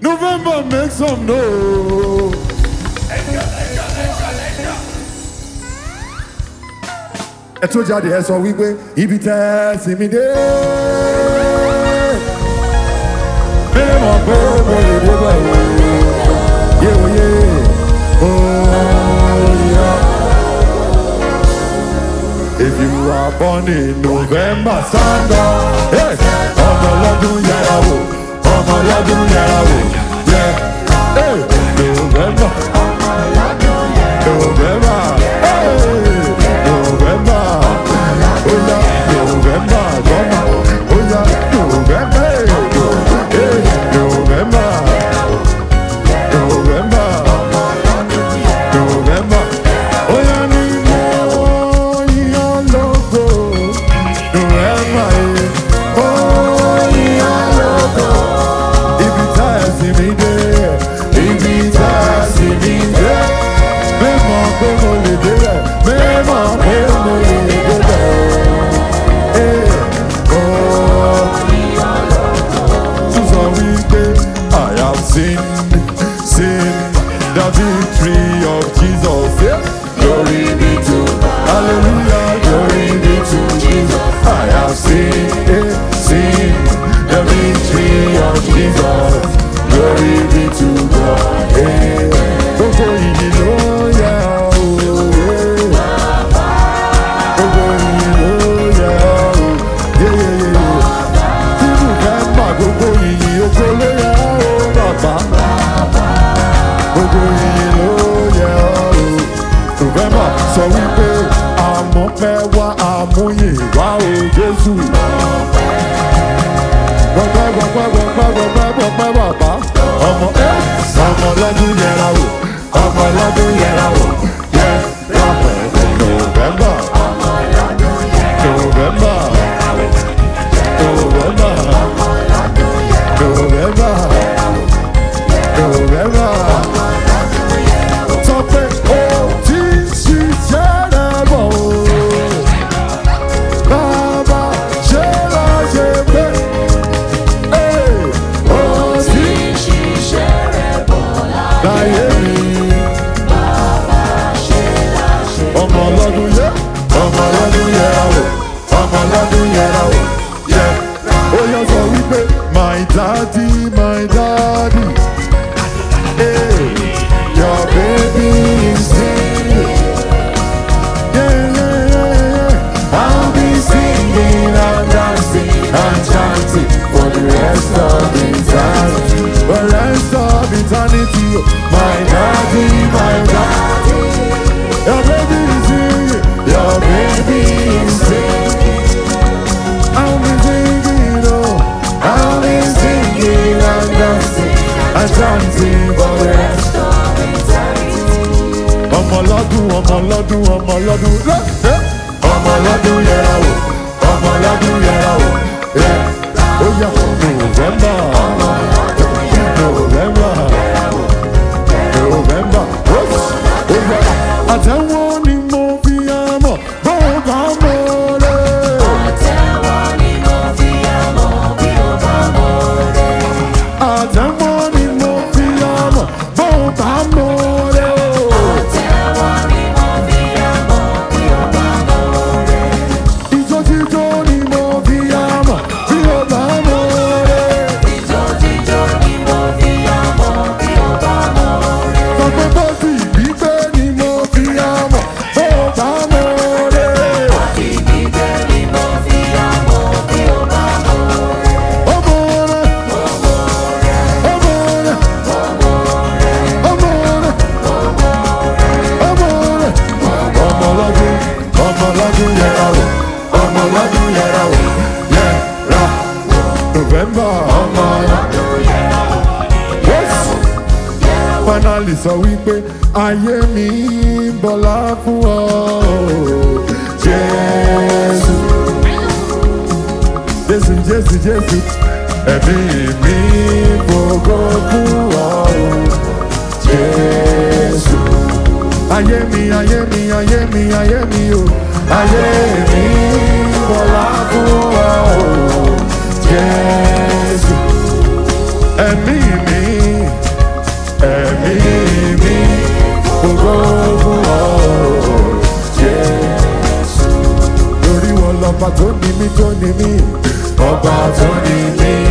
November, make some noise. Ẹ tó jáde ẹ sọ wípé ibi tẹ́ sinmi dé. Bẹ́ẹ̀ mọ̀ pé mo lè dé bẹ̀rù. Yéwoyé òòyà. If you are born in November, stand up. Ọ̀dọ̀ lọ́dún yàrá wò. I love you, yeah, yẹ. of Jesus. Glory be to God. Hallelujah. Glory be to Jesus. I have seen, seen the victory of Jesus. Glory sọ wípé àmọ́ pẹ́ wá àmúyè wá o Jésù. Hallelujah. something for restoring ọmọ lọ́dún ọmọ lọ́dún ọmọ lọ́dún ọmọ lọ́dún yẹra wò ọmọ lọ́dún yẹra wò ó yẹ kó November November November ó yẹ àtẹ̀wọ́ ni mo fi àmọ̀ bó o bá mọ̀. Adam panali sọ wípé ayé mi bọlá fún ọ Jésù Jésù Jésù Jésù ẹ̀mí mi gbogbo fún ọ Jésù ayé mi ayé mi ayé mi ayé mi o ayé mi bọlá fún ọ Jésù ẹ̀mí. ọba tó ní mí tó ní mí ọba tó ní mí.